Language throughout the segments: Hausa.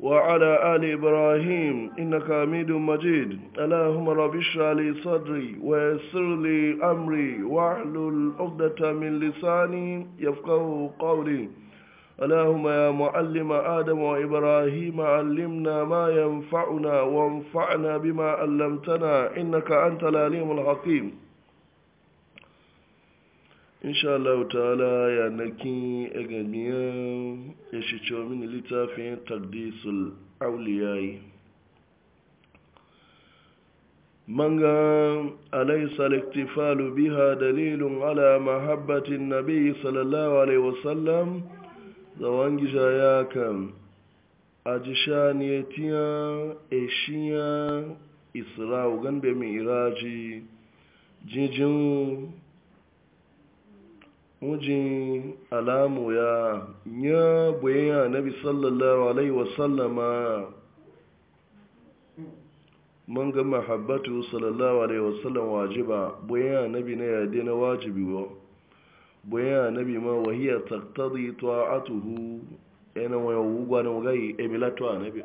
وعلى آل إبراهيم إنك حميد مجيد اللهم رب اشرح لي صدري ويسر لي أمري واحلل عقدة من لساني يفقه قولي اللهم يا معلم آدم وإبراهيم علمنا ما ينفعنا وانفعنا بما علمتنا إنك أنت العليم الحكيم allah ta'ala ya nakin egamiyan ya cewa mini littafin takdisul auliyayi manga alaisa liktifalu biha dalilun ala mahabbatin nabi sallallahu alaihi wasallam da wangi ya kan ajishaniyetiya eshiya isra'u gan iraji jijin mujin alamu ya ya bayan nabi sallallahu alaihi wasallama man ga mahabbatu sallallahu alaihi wasallam wajiba bayan nabi na yade na wajibi wa bayan nabi ma wahiya taqtadi ta'atuhu ena wa yugwa na gai emilatu nabi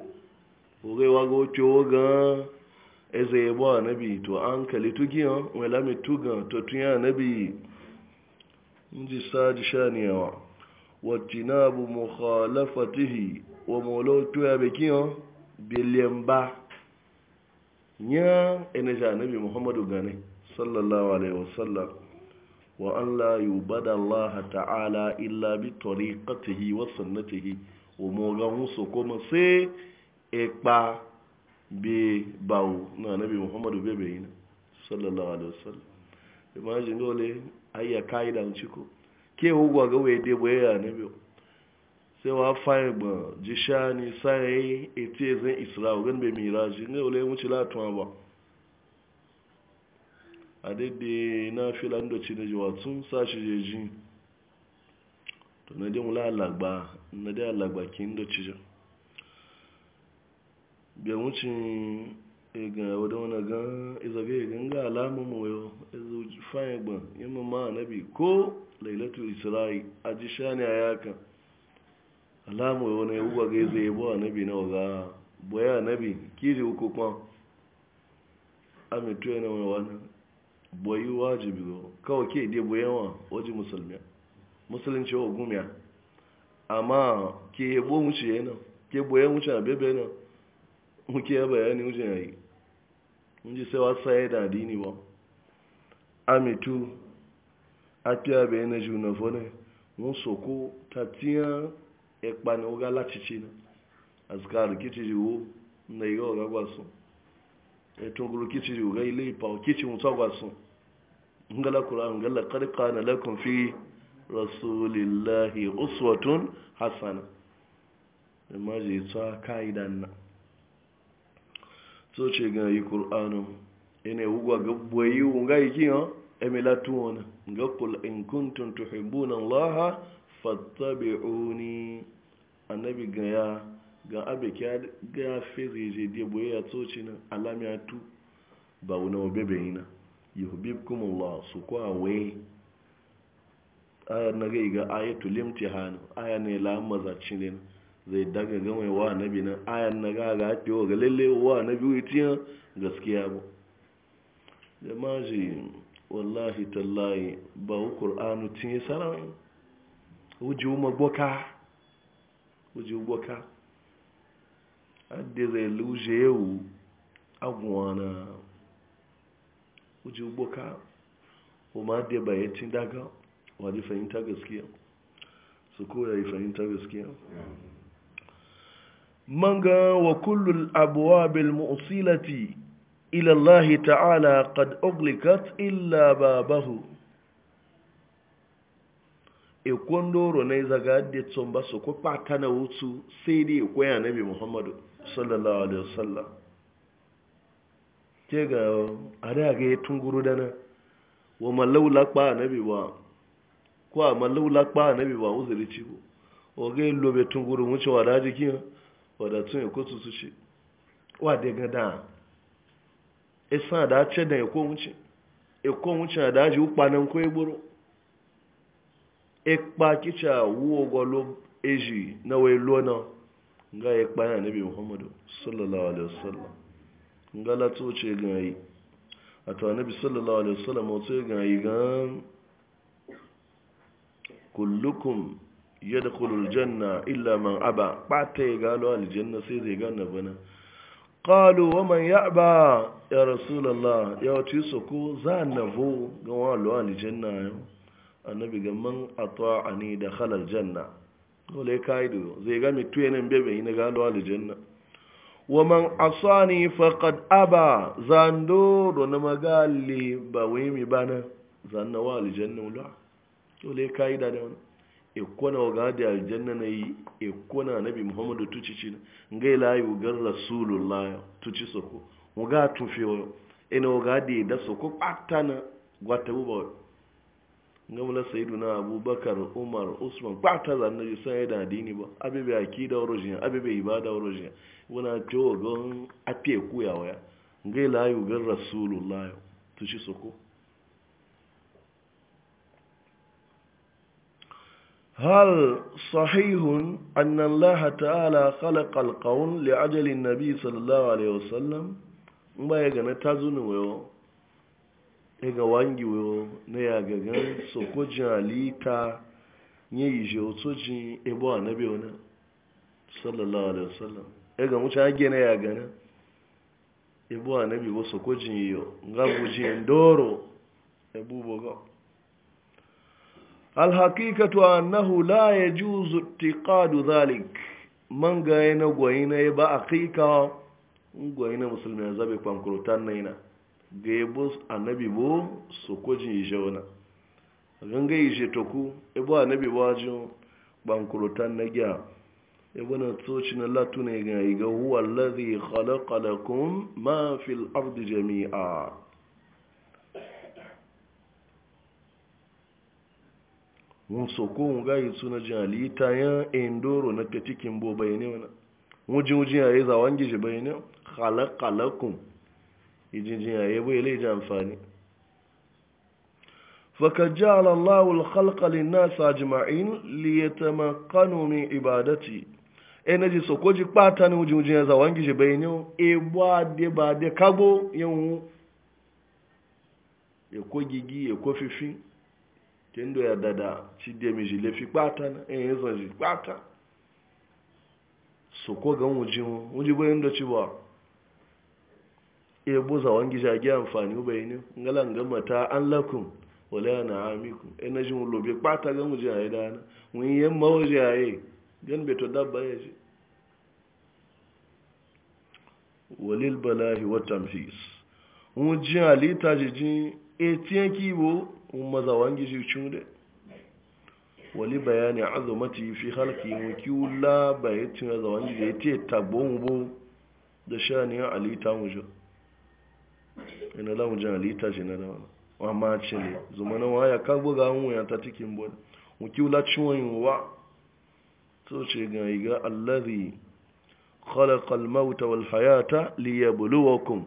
ogai wago choga eze yebo nabi to an kalitu giya wala mituga to tuya nabi inji sadi shaniyawa wajinabu mukhalafatihi wa molotu ya bekiyo bilemba nya eneja nabi muhammadu gane sallallahu alaihi wasallam wa an la yubada allah ta'ala illa bi tariqatihi wa sunnatihi wa moga musu kuma sai ekpa bi bawo na nabi muhammadu bebe yin sallallahu alaihi wasallam imagine dole ayya kayi da ciko ke hugwa ga waye dai boye ya ne biyo sai wa fayin ba jishani sai ete zan isra'u gan be miraji ne ole mu ci latuwa ba adede daidai na filan da ci na jiwa tun sashi jeji to na dai mula alagba na dai alagba kin da ci ja mu ci ga wadda wani gan izage ganga alamun mawayo izu fayin ban yamma ma nabi ko lailatu isra'i a ji shani a yakan alamun mawayo na yawuwa ga izu yabo a nabi na waga boya nabi kiri uku kwan amintu yana wani wani boyi wajibi ga kawai ke dai boyawa waje musulmiya musulunci wa gumiya amma ke yabo wuce yana ke boyan wuce a bebe yana muke bayani wuce yayi ndi sai wasa ya da dini ba amitu akia be na ju na fone mun soko tatia e pa ni oga lati china azkar kiti ju na yo ga gwaso e to gulu kiti ju ga ile pa kiti mun tsagwaso ngala qur'an ngala qad qana lakum fi rasulillahi uswatun hasana imaji tsa kaidan nan so ce ga yi ƙur'anin ina wugwa ga boyi wunga iki na emila tuwon ga kul in kuntum tuhibbuna Allah fattabi'uni ga ya ga abe kya ga fezi je de boye ya tsoci na alamiya tu ba wuna obebe ina yuhibbukum Allah su kwa we ayar na ga ga ayatul imtihan aya ne la zai daga gama wa annabi nan ayan na ga ga fiye ga lalle wa annabi witiya gaskiya ba jama'a ji wallahi tallahi ba wu qur'anu tin sarawin wuji uma boka wuji boka adde zai luje yau agwana wuji boka kuma adde ba yatin daga wani fahimta gaskiya su koya yi fahimta gaskiya yeah. manga wa al-abwabil mu'silati Ila Allah ta'ala qad uglikat illa babahu E! doro na zaga de tsomba su ko pata na wutu sai dai ko ya nabi muhammadu sallallahu alaihi wasallam ce ga ada ga tunguru dana wa malawla kpa nabi ba ko a malawla kpa nabi ba uzuri ci ko o ga lobe tunguru ci wa daji jikin? wadatun tun kotu tutu ce wa daga da isa e da ce da ya wuce ikon e wuce na daji ukpanan ko egboro ikpa e kicha wuo gwalo eji na wai lona ga ya nabi muhammadu sallallahu alaihi wasallam ga latu ce ga yi a to nabi sallallahu alaihi wasallam wato ga yi ga kullukum ya da janna illa man aba ɓata ya galo aljanna sai zai gana bana ƙalu wa man ya ba ya rasulallah ya wace su ko za na vo ga walo aljanna yau annabi ga man atwa a ni da halal janna dole ka yi da zai gami tuyanin bebe yi na galo aljanna wa man asani faqad aba zando do na magali ba wai mi bana zanna wa aljanna wala dole ka yi da da wani ikona waga da aljanna na yi ikona nabi muhammadu tucici ci ngai layi rasulullah tuci soko waga tufe wa ina waga da da soko pata na gwata buba ngamla sayyiduna abubakar umar usman pata zan na yusa ya da dini ba abebe akida orojin abebe ibada orojin wana to gon apie kuya waya ngai layi wugar rasulullah tuci soko هل صحيح أن الله تعالى خلق القون لعجل النبي صلى الله عليه وسلم ba ya gane ta zuni wayo ya ga wangi wayo na ya gagan sokojin halitta ya yi je otujin ebo annabi wani sallallahu alaihi wasallam ya ga mutu hage na ya gane ebo sokojin yiyo ga doro alhaƙiƙatu annahu la ya juzu tiƙadu zalik man gaya na gwayi na ba a ƙiƙa gwayi na musulmi na zaɓe kwankurtan na yana ga ya bo annabi bo su kojin ishe wana ganga ishe toku ibo annabi bo ajin kwankurtan na gya ibo na tsoci na latu ne ga yi ga huwa lazi khalaqa lakum ma fil ardi jami'a mun so mun gayi suna jali ta yan endoro na cikin bo bayane wana mujin mujin ya yi zawon gishi bayane khalaqalakum ijinjin ya yi bai lai ji amfani فقد جعل الله الخلق للناس اجمعين ليتمكنوا من عبادتي ene ji soko ji kpata ni uji uji yanzu wangi ji bayi niyo ebo ade ba ade kabo yawon eko gigi eko fifi kendo ya dada chidemi ji lefi kpata na enyi eh, zan ji kpata so ko ga wuji mu wuji bayan da ci ba e buza wangi amfani bai ne ngala ga mata an lakum wala na amiku ina jin lobe kpata ga wuji ayi dana na mun yi yamma ayi gan beto dabba ya ji walil balahi wa tamhis ji alita jijin etiyan eh, kibo kuma wange shi da Wani bayani azumati fi halki wakiyu la bayatin zawangi da ya ce tabon bu da shaniyan alita wujo ina lamujan alita shi na da wani wa ma ce ne Zuma na waya ka buga wuya ta cikin bude wakiyu la ciwon wa so ce ga iga allari khalaqa al-mauta wal hayata liyabluwakum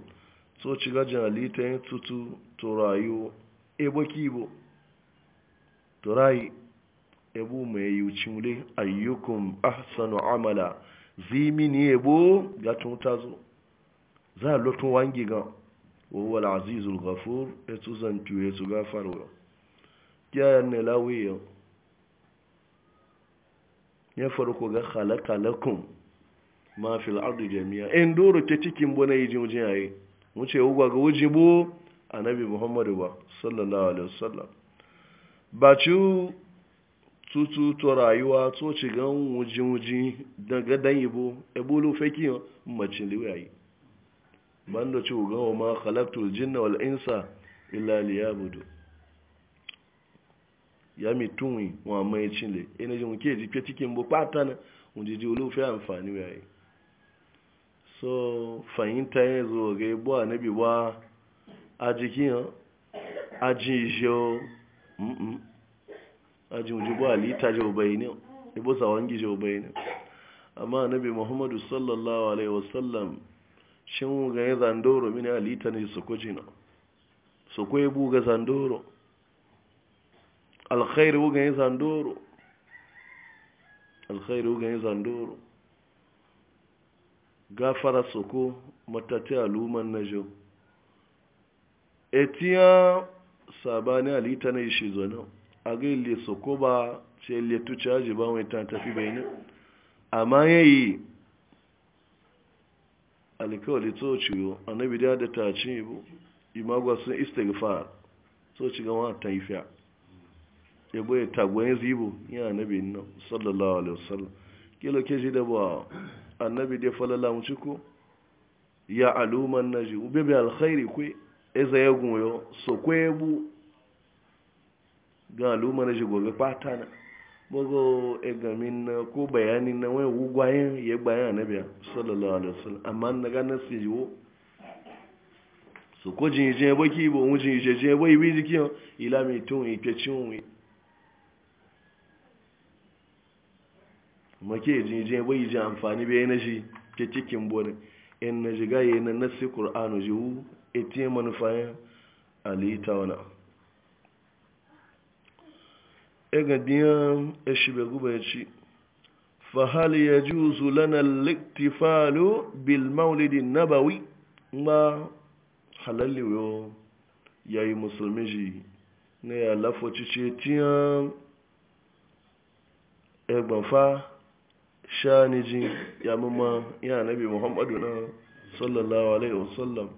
so ci ga jalita tutu to rayu ebo kibo turai ebo mai yucimule ayyukum ahsanu amala zimini ebo ga tun zo za a lotun wangi ga wawal azizul ghafur etu su zantu etu su gafarwa kiyayen ne lawiyo ya farko ga halaka lakum ma fil ardi jami'a in doro ke cikin bane yijin wuce yayi wuce ugwa ga wujibu annabi muhammadu ba sallallahu alaihi wasallam ba ci tutu to rayuwa to ci gan wujin wuji daga dan yibo ebulu feki macin liwayi ban da ci gawo ma khalaqtul jinna wal insa illa liyabudu ya mi tunwi wa mai e cinle ina jin ke ji fetikin bo patana unji ji olu fe amfani waye so fahimta yanzu ga e bo anabi ba aji ajikin ajin iṣẹ́ ajin ojúbọ́ alita jẹ́ ọbayi ní ibùsà wọn gíjẹ́ ọbayi ní amma nabi muhammadu sallallahu alaihi wasallam ń ga yin zandoro mini alita ne su kuji na su kwaye buga zandoro alkhairu buga yin zandoro alkhairu buga yin zandoro gafara su ko matatti aluman na jau etiya sabani alita na ishi zono a ga ile soko ba ce ile tuce ba wai ta tafi bai ne amma ya yi alikawali to ciwo annabi da da ta ci bu imagwa sun istighfar so ci gama ta yi fiya ya bai tagwayin zibo ya annabi na sallallahu alaihi wasallam kilo ke da ba annabi da falala mu ciko ya aluman naji bebe alkhairi kwai eza ya goyo so kwebu ga al'umma na shi gobe patana na ega egamin na ko bayanin na wani wugwayen ya bayan anabiya sallallahu alaihi wasallam amma na ga na su yiwo so ko jin je baki bo mu jin je je bai bi jikin ila mi tun ike cin wi make jin je bai ji amfani bai na shi ke cikin bone in na jiga yi na nasi qur'anu jiwu etiye manufayin alita wana ega diyan eshibe guba ya ci fahal ya ji lana liktifalu bil maulidi nabawi ma halalli yo ya yi musulmi ji na ya lafoci ce tiyan egbanfa shanijin ya mamma ya nabi muhammadu na sallallahu alaihi wasallam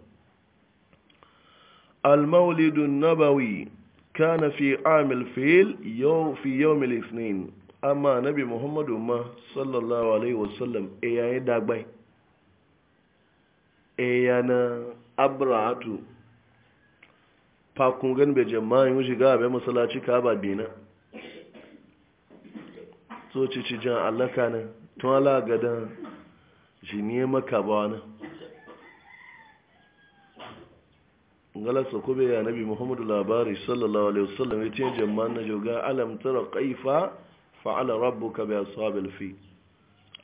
المولد النبوي كان في عام الفيل يوم في يوم الاثنين أما نبي محمد ما صلى الله عليه وسلم إيا داغباي إيا نا أبرعتو fakun gan bai jama'a yin shiga bai masalaci ka ba bina so ci jan allaka nan tun ala gadan shi ne maka ba galasa kube ya nabi muhammadu labari sallallahu alaihi wasallam ya ce jama'an na joga alam tara kaifa fa'ala rabbuka bi ashabil fi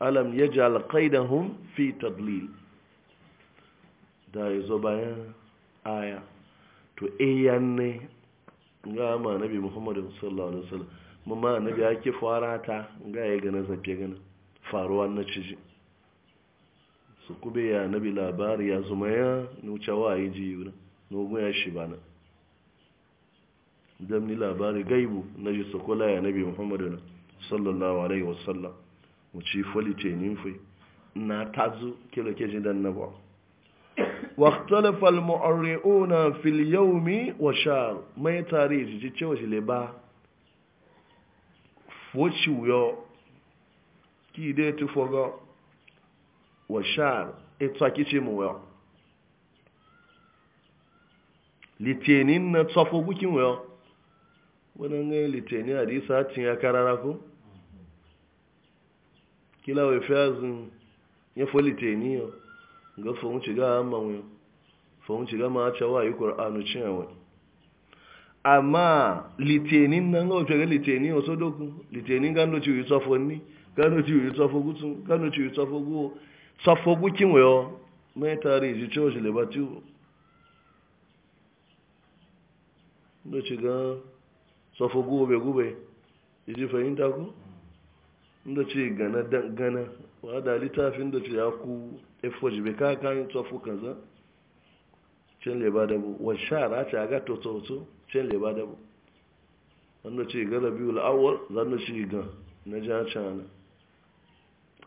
alam yaj'al qaidahum fi tadlil da yazo bayan aya to eyan eh, ne ga ma nabi muhammadu sallallahu alaihi wasallam mamma nabi yake farata ga ya gana zafe gana faruwa na ciji su kube ya nabi labari ya zuma ya nucewa yi ji yunan mu ya shi bana idan ni labari gaibu na ji sokola ya nabi muhammadu na sallallahu alaihi wasallam mu ci folite ninfai na tazu kila ke jidan na ba waktalafal ma'ariyo na filiyomi wa shar mai tare ji ji cewa shi leba foci wuyo ki dai tufo ga wa sha'ar ita e kici mu wuyo litinin na tsafo gukin wayo wannan ne litinin hadisa hatin ya karara ko kila wai fiyazin ya fo litinin yau ga fahimci shiga amma wayo fahimci shiga ma haca wa yi ƙor'anu cin wani amma litinin nan ga wafe ga litinin wasu doku litinin gano ci yi tsafo ni gano ci yi tsafo gutsun gano ci yi tsafo guwo tsafo gukin wayo mai tare ji cewa shi lebatiwo da ci ga sofo gube gube iji fahimta ku ndọchi ci gana gana wa da littafin da ci ya ku efoji bai kakan sofo kaza can leba da bu wa shara ci a ga toto can ba da bu wanda ci ga rabiul awwal zan ci ga na ja cana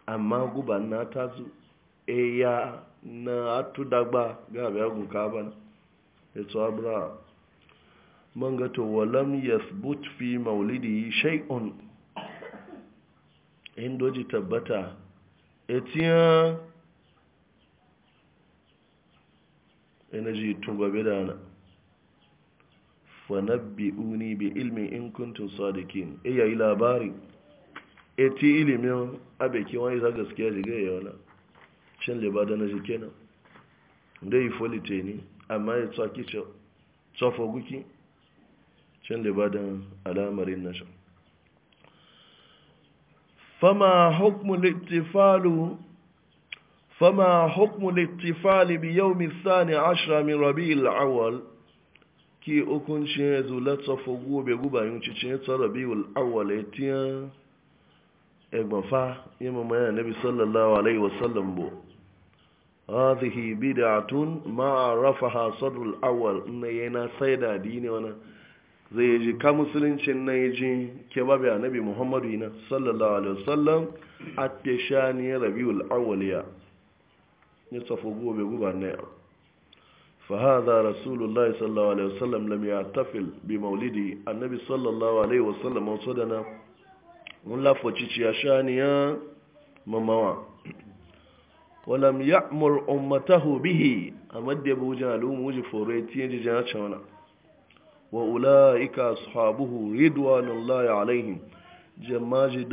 amma guba na ta zu e ya na atu dagba ga abia gun ka bana eto abraham man gato walam yathbut fi maulidi shay'un indoji tabbata etiyan energy tumba bedana fanabbi'uni bi ilmi in kuntum sadiqin e yayi labari eti ilimin abeki wani za gaskiya jiga ya wala shin libada na jike nan dai folite ne amma ya tsaki tsofo guki cin da libadin alamarin nashin fama hukmul ittifalu fama hukmul ittifali bi yawmi tsani ashira min rabi al'awal ki okun ci ya zo latsafa gobe guba yin ci ci ta rabi al'awal ya tiya egbafa yi mamaya nabi sallallahu alaihi wa wasallam bo hadhihi bid'atun ma rafaha sadr al-awwal inna yana saida dini wana zai yi ka musuluncin na yi ji ke babu annabi muhammadu yana sallallahu alaihi wasallam a tesha ne rabi awaliya ya tafi gobe guba na yau fahaza rasulullahi sallallahu alaihi wasallam lam ya tafil bi maulidi annabi sallallahu alaihi wasallam wasu da na mun lafaci ciya sha ne ya mamawa walam ya'mur ummatahu bihi a da ya bujan al'ummu ji foro ya tiye ji jana cewa wa ula'ika ashabuhu ridwanullahi alaihim jama'a ji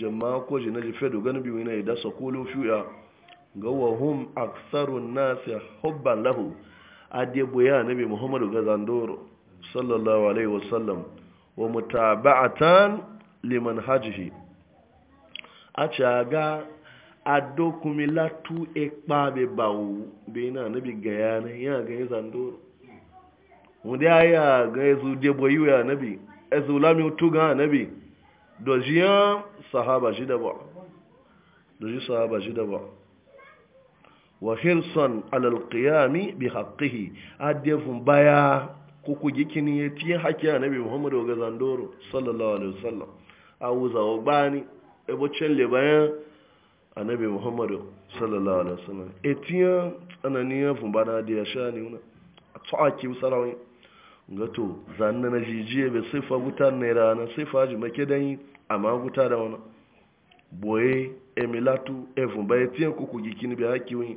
jama'a ko na ji fedo gani biyu ne da sakulu fiya ga wahum aksarun nasi hubban lahu adebo ya nabi muhammadu gazandoro sallallahu alaihi wasallam wa mutaba'atan liman hajji a ci aga adokumilatu ekpa bebawu bai na gaya na yana zandoro wanda ya ga yazo je boyu ya nabi ezu lami tuga nabi dojiya sahaba shi da ba doji sahaba shi da ba wa hirsan alal qiyami bi haqqihi adefun baya kuku jikin ya tiye haƙƙi a nabi muhammadu ga zandoro sallallahu alaihi wasallam a wuzawa bani ebocin libayan a nabi muhammadu sallallahu alaihi wasallam etiyan tsananiyar fun bana da ya sha ne wuna a tsohaki sarawin gato zanna na jijiye bai sifa guta ne rana sifa ji make dan yi ma guta da wani boye emilatu efun bai tiyan kuku gikini bai haki wani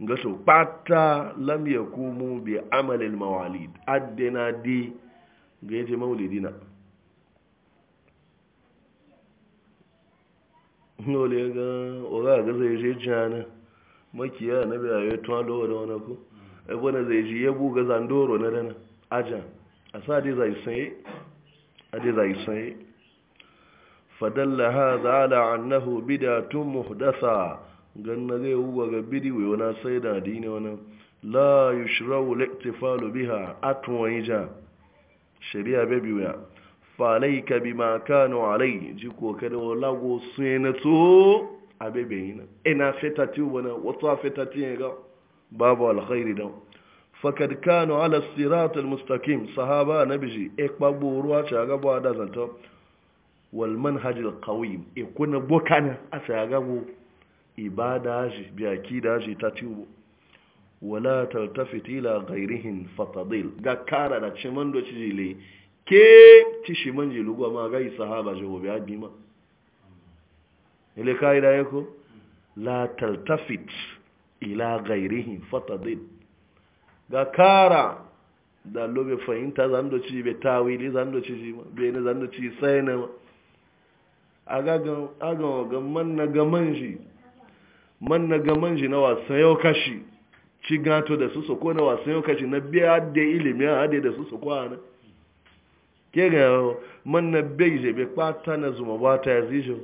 gato pata lam ya kumu bai amalil mawalid adina di ga yace maulidina Nole ga oga ga zai je jana makiya na bai ayo tuwa da wani ko ebe na e zai ji yabu ga zandoro na dana ajan a sa dai zai sanye a dai zai sanye fadalla ha za ala annahu bidatun muhdasa ganna zai wuwa ga wai wani sai da dini wani la yushrau liktifalu biha atun ja shari'a bebi wuya bi bima kanu alai ji kokari wala go na to a bebe yana ina fetati wani wasu fetati ya ga babu alkhairi don fakad kano ala siratul mustaqim sahaba nabiji e kpagbo ruwa ce ga bo da zanto wal manhajil qawim e kuna bokana a ce ga bo ibada ji bi akida ji ta tiwo wala taltafit ila ghairihin fatadil ga kara da cimando cijile ke ci shi manje lugwa ma ga sahaba je gobe abima ile kai da yako la taltafit ila ghairihin fatadil ga kara da lobe fahimta zan da ci be tawili zan da ci ma be ne zan da ci sai ne ma aga ga aga ga man na ga man shi man na ga man shi na wasan yau kashi ci gato da su ko na wasan yau kashi na biya da ilimi a da su ko ana ke ga man na bai je be kwata na zuma ba ta yazi shi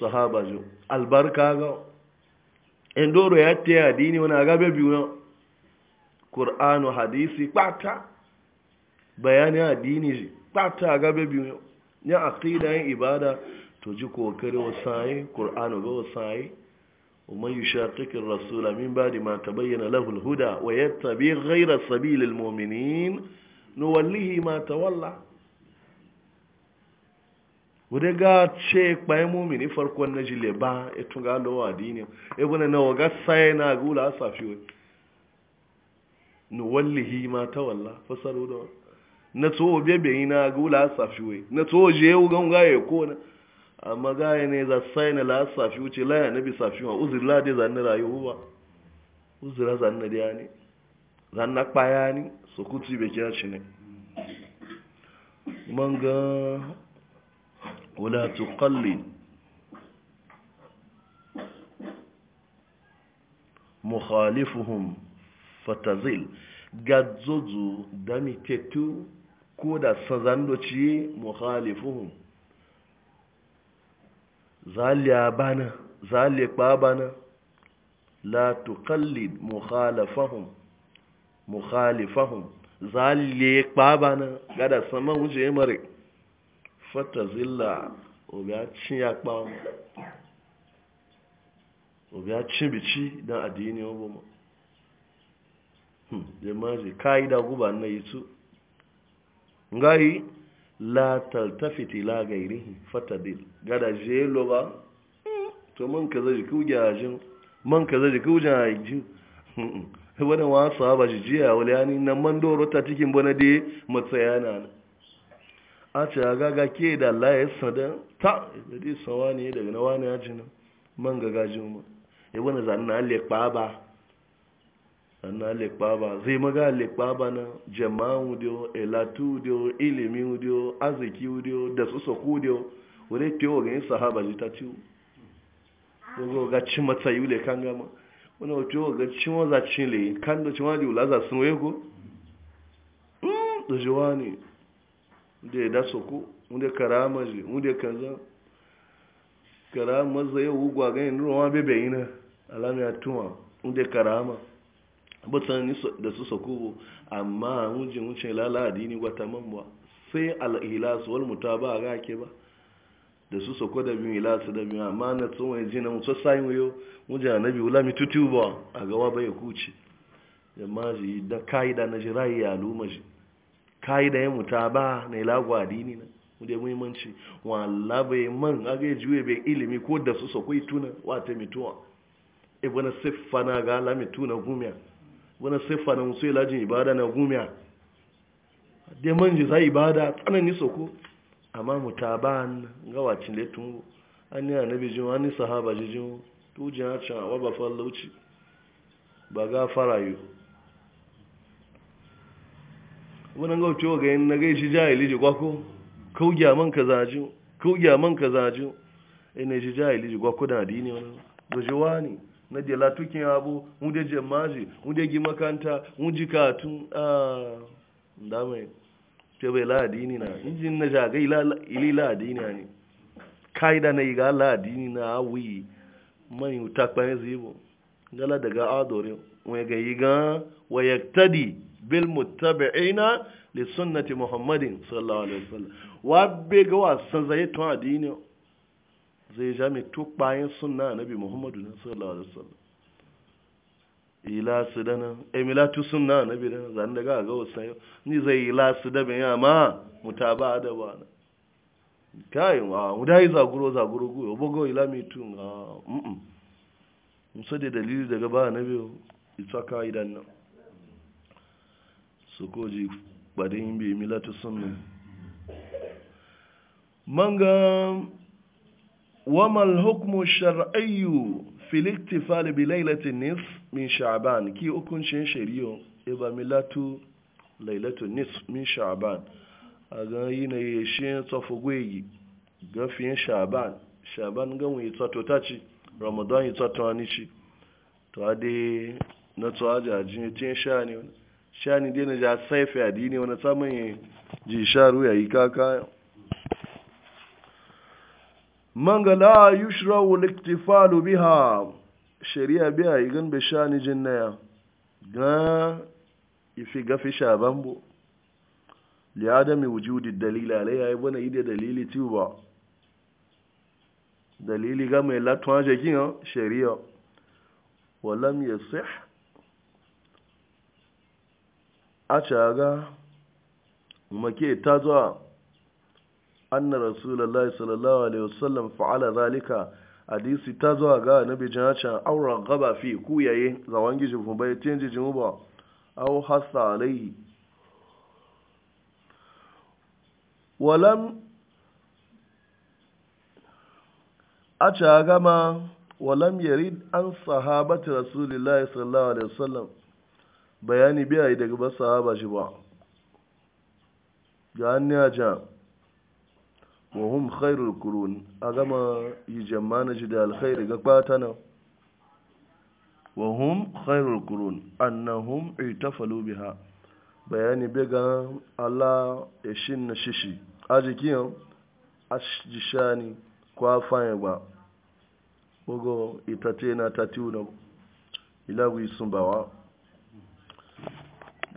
sahaba jo albarka ga endoro ya tiya dini wani aga be biyu na ƙur'anu hadisi ƙata bayani addini ƙata gaba biyu ya aqida yin ibada to ji kokari wa sa'ayi ƙur'anu ga wa sa'ayi umar yi shaƙiƙin rasu-lamin ba di mata bayyana lahul huda wa ya tabi ghaira sabilil mominin nuwallihi mata walla wadda ga ce kpai mumini farkon na jile ba ya e tun ga lowa dini. ya gune na waga sai na gula asafi wai wallahi ma ta walla fasaru da na be be yi na ga wula asafi wai na to je yau gan gaya ko na amma gaya ne za sai na la safi wuce la na bi safi ma uzir la dai zanna rayuwa uzira zanna da ne zanna kpaya ne su kuti bai kira shi ne man ga wala tuqallid mukhalifuhum fatazil gadzozu da mitettu ko da sazandoci muhalifuhun zaliya bana zalikpa bana la tuqallid muhalafahum muhalifahum zalikpa bana gada sama wuce mare fatazilla obi a cin ya kpa obi a cin bici don addini obi jamaji hmm, ka'ida da guba na yisu ngai la taltafiti la gairihi fatadil gada je lo ba hmm, to man ka zai ku jajin man ka zai ku jajin hmm, wani wa sahaba ji jiya wani yani na man doro ta cikin bana de matsayana na a ce a ga ke da Allah ya sada ta da sawani ne daga na wani ajina man gagajin ma ya wani zanna na lekpa ba Ana na kpaba zai le kpaba na jama'a udio elatu udio ilimi udio aziki udio da su soku udio wani fiye ga yin sahaba ji ta ciwo wani ga cin matsayi le kan wona wani wato ga mo za chi le kan da cin wani hmm, ula za sun wego da jiwa ne da ya da soku de karama ji wanda kaza karama zai yi wugwa ganin ruwa bebe ina alamiyar tuwa de karama batan da su sakubu amma wujin wuce laladi ni wata mamuwa sai al'ilasu wal muta ba ga ke ba da su sako da biyu ilasu da biyu amma na tsohon ji na mutu sayin wuyo wujin na biyu lami tutu ba a gawa bai kuce yamma ji da ka'ida na ji yi ya luma shi ka'ida ya muta ba na ilagwa dini na mu ya muhimmanci wala bai man aga juye bai ilimi ko da su sako tuna wata mituwa ibana siffana ga lami tuna gumiya wani siffa na musu ilajin ibada na gumiya dai manji za ibada tsanani soko amma mutaban ga wacin letun an yi annabi jin wani sahaba jijin tujin hacin a ba lauci ba ga yi wani ga wucewa ga yin na shi jahili ji kwako kaugya man ka man ka zaju ina shi jahili ji kwako da adini wani gujewa ne na de latukin abu wunde jemaji wunde gi makanta wunji katun a ah, mai ce bai ladini na injin na jagai ili ladini ne kaida na iga ladini na awi man takpan zibo gala daga adore wai ga iga waya tadi bil muttabi'ina li sunnati muhammadin sallallahu alaihi wasallam wa be ga wasan zai to adini zai ja mai tuk bayan sunna nabi muhammadu na sallallahu alaihi wasallam ila su dana emila eh, tu sunna nabi nan zan daga ga wasan ni zai ila su da bin amma mutaba da ba na kai wa mudai zaguro zaguro go bogo ila mi tu ah mm musa da dalili daga ba nabi isa kaidan nan su koji badin bi milatu sunna manga وما الحكم الشرعي في الاحتفال بليلة النصف من شعبان كي أكون شين شريو إبا ملاتو ليلة النصف من شعبان أغاين يشين صفوغي غفين شعبان شعبان غن يتاتو تاتي رمضان يتاتو أنيشي توادي نتواجه جنتين شاني شاني دينا جا سيفي أديني ونسامي جي شارو يا إيكاكا man ga la yushra'u liktifalu biha shari'a biya igan be shani jinnaya ga ifi gafi shaban bo li adami wujudi dalil alayha ibana ide dalili tiwa dalili ga mai latwan jakin shari'a wa lam yasih a caga make ta zuwa anna rasulullahi sallallahu alaihi wasallam fa'ala zalika hadisi ta zuwa ga nabi jinacan aura gaba fi kuyaye zawon gijin kuma bai tenji jin ba au hasa alaihi walam a ca gama walam yarid an sahabata rasulullahi sallallahu alaihi wasallam bayani biya daga ba sahaba shi ba ga an wa hum khairul kurun a gama yi jamana ji da alkhairi ga kwata nan wa hum khairul kurun annahum itafalu biha bayani bega Allah ya shin na shishi a jikin ashjishani kwa fanya ba ogo itate na tatiuna ilawi sun bawa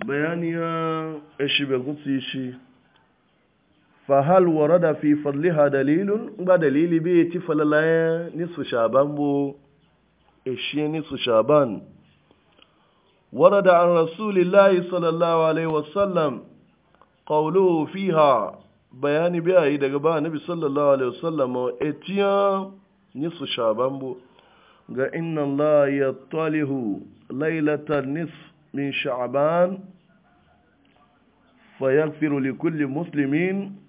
bayani ya eshi begun فهل ورد في فضلها دليل بدليل بيتي فلا نصف شعبان بو اشي نصف شعبان ورد عن رسول الله صلى الله عليه وسلم قوله فيها بيان بها إذا قبع النبي صلى الله عليه وسلم اتيا نصف شعبان بو إن الله يطاله ليلة النصف من شعبان فيغفر لكل مسلمين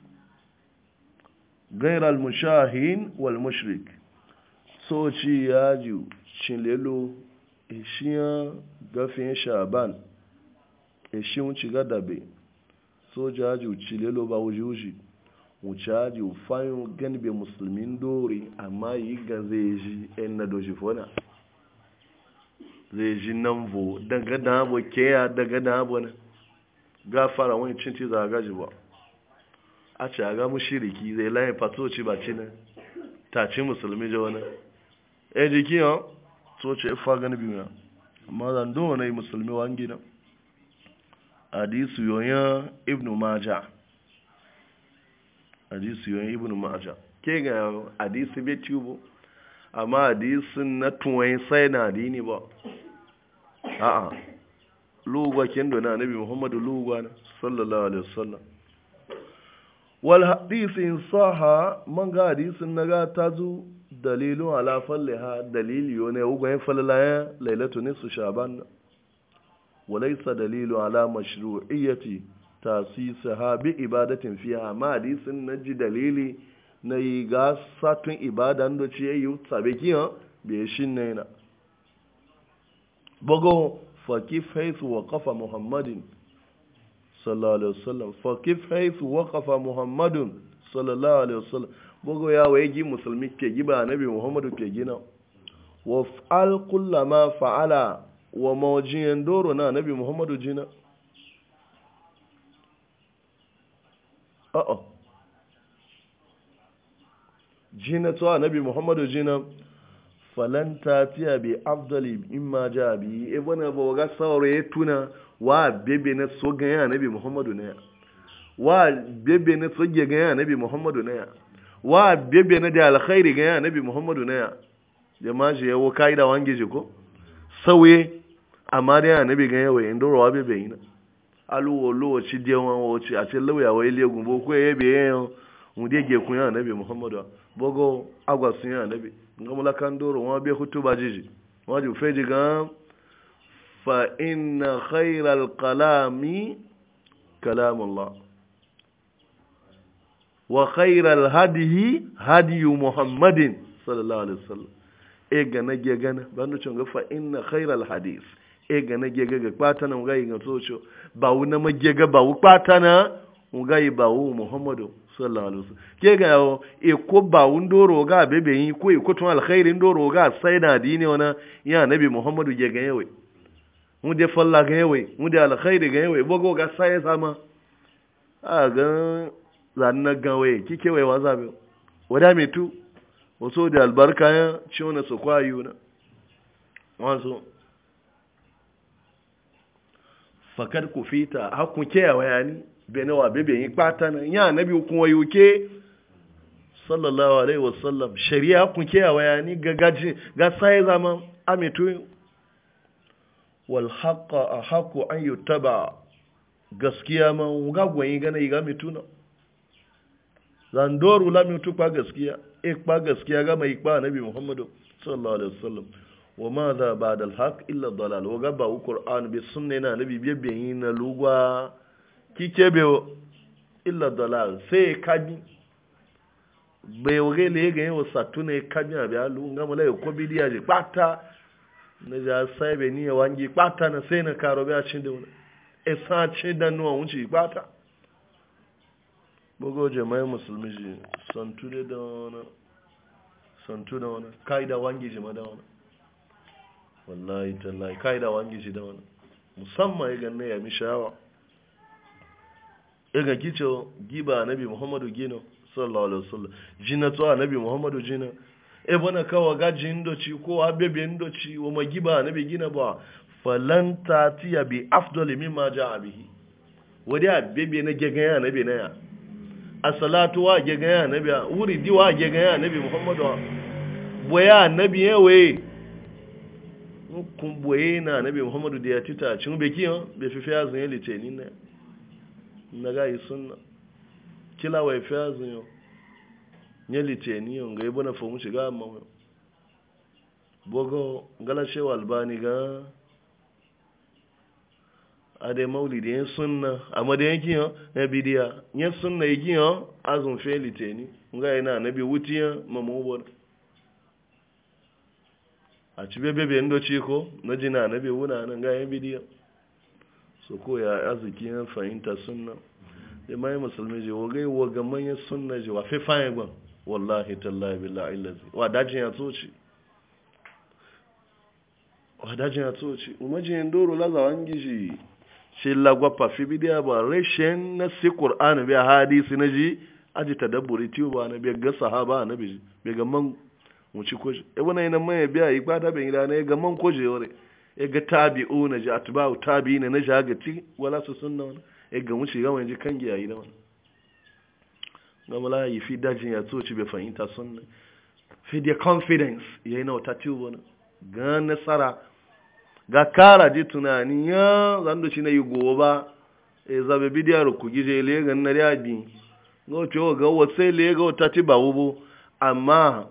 غير المشاهين والمشرك سوشي ياجو شنللو إشيا غفين شعبان إشيا ونشيغا دابي سوشي ياجو شنللو باوجوجي wucaji fayin gani bai musulmin dori amma yi ga zai ji yan na doji fona zai ji nan vo daga dabo keya daga dabo na gafara wani cinci za a gaji ba a ci aga mushiriki zai layin fatoci ba ci na ta ci musulmi ji wani e jiki yau so ce ifa gani biyu na amma zan do wani musulmi wangi na su yoyin ibnu maja hadisu yoyin ibnu maja ke ga hadisu bai tubo amma hadisun na tuwayin sai na dini ba a'a lugwa kin dona nabi muhammadu lugwa sallallahu alaihi wasallam wal hadisin saha man ga hadisin na ga ta zu dalilu ala falliha dalili ne ugo falala lailatu nisfu shaban walaysa dalilu ala mashru'iyyati ha bi ibadatin fiha ma hadisin ji dalili na yi ga satun ibadan da ci yi tsabe kiyan bai shi ne na bogo fakif haisu wa muhammadin sallallahu alaihi wasallam faqif haythu waqafa muhammadun sallallahu alaihi wasallam bogo ya waye gi musulmi ke gi ba nabi muhammadu ke gina waf'al kullama fa'ala wa mawjiyan doro na nabi muhammadu jina jina to nabi muhammadu jina falan ta tiya bi afdali in ma ja bi e bana ba ga sauro ya tuna wa bebe na so ganya ya nabi muhammadu na ya wa bebe na so ga ya nabi muhammadu na ya wa bebe na da alkhairi ganya ya nabi muhammadu na ya jama'a je yawo kaida wange je ko sauye amma da ya nabi ga yawo indoro bebe ina aluwo lowo ci dewan wo ci a ce lauya wa ile gumbo ko yebe yayo mu de ge kun bogo agwa sun yana nabi ga mulakan doro wa bai hutu ba jiji waju feji ga fa inna khairal kalami kalamullah wa khairal hadihi hadiyu muhammadin sallallahu alaihi wasallam e na ge ba banu cin ga fa inna khairal hadith e na ge ga patana ga yin socho ba ma ge ga ba wu patana nga bawu muhammadu sallallahu alaihi wasallam ke ga yo e ko bawu ndoro ga bebe yi ko e ko tun alkhairi ndoro ga sai na dini wana ya nabi muhammadu je ga yawe mu de falla ga yawe mu de alkhairi ga yawe bogo ga sai sama a ga zanna ga we kike we wa zabe wada me tu waso da albarka ya ci wani su kwayo na wasu fakar ku fita hakun kewa wayani bene wa bebe yi pata na ya annabi hukun wa yuke sallallahu alaihi wasallam shari'a kun ke yawa ya ni gagaji ga sai zama amitu wal a ahaqu an yutaba gaskiya ma ga gwayin gana yi ga mituna zandoru la mitu pa gaskiya ikpa gaskiya ga mai ikpa nabi muhammadu sallallahu alaihi wasallam wa ma za ba da alhaq illa dalal wa gaba qur'an bi sunna na nabi yi na lugwa ki kebe illa dalal sai e kabi bai wage le ga yawa satu ne e kabi abi alu nga mala ko bidiya je pata na ja sai e be ni wangi pata na sai na karo be a cin da wani e sa ce da nuwa wuce pata bugo jama'ai musulmi ji santu da da wani santu da wani kaida wangi ji ma da wani wallahi tallahi kaida wangi ji da wani musamman ya ganna ya mi shawa ga kicho giba nabi muhammadu gino sallallahu alaihi wasallam jina to nabi muhammadu jina e bona kawa gaji ndochi ko abebe ndochi magiba nabi gina ba falan tatiya bi afdali mimma jaa bihi wadi abebe na ya na ya asalatu wa gega ya nabi wuri di ya muhammadu boya kun boye na muhammadu da na gayi sunna kila wai fiya yau nye litini yau ga ibo na fomu shiga amma yau bogo ngala shewa albani ga ade maulidi yin sunna amma da yankin yau na bidiya yin sunna yi giyan azun fiye litini nga yana na bi wutiya mamu bodo a ci bebe ndo ciko na jina na bi wuna nan ga yin bidiya su koya arziki na fahimta sunna da mai musulmi ji wagai waga manyan sunna ji wa fi fayin gwan wallahi tallahi billahi ilazi wa dajin ya tsoci wa dajin ya tsoci umajin yin doro lazawan gishi shi lagwafa fi bidiya ba reshen na si qur'an bi hadisi na ji aji dabburi tiyo ba na gasa ha ba na biya gaman man mu ci koje e wannan yana mai biya yi kwata bin gida ne ga man koje yore Ega ga tabi'u na ji atba'u tabi'i na na ji haga ci wala su na wani ya ga wuce ga wani kan giya yi da wani gama la yi fi dajin ya tso ci bai fahimta sunna fi da confidence ya yi na wata tiwo wani ga nasara ga kara ji tunani ya zan doci na yi goba ya e zabe bidiyar ku gije le ga na riyabi ga wace ga wace le ga wata ti ba wubo amma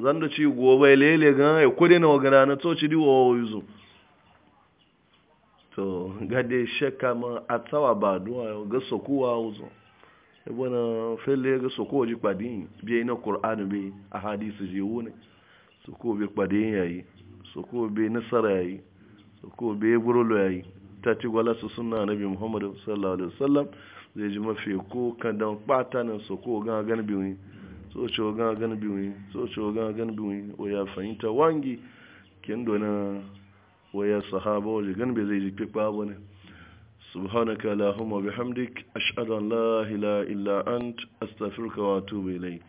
zan doci goba le le ga ya kudi na wagana na tso ci diwa wa yuzu to gade shakka ma a tsawa ba duwa ga sokowa wuzo wani e fele ga sokowa ji kwadin biya e na ƙur'anu bi a hadisu ji wune sokowa bai kwadin yayi sokowa bai nasara yayi sokowa bai burulu yayi ta ci gwala su suna nabi muhammadu sallallahu alaihi wasallam zai ji mafi ko kan dan kpata nan sokowa gan gan biyu so ce gan gan biyu so ce gan gan biyu o ya fahimta wangi kin dona waya sahaba waje gan zai jiki babu ne subhanaka allahumma bihamdik ashhadu an la ilaha illa ant astaghfiruka bai atubu ilaik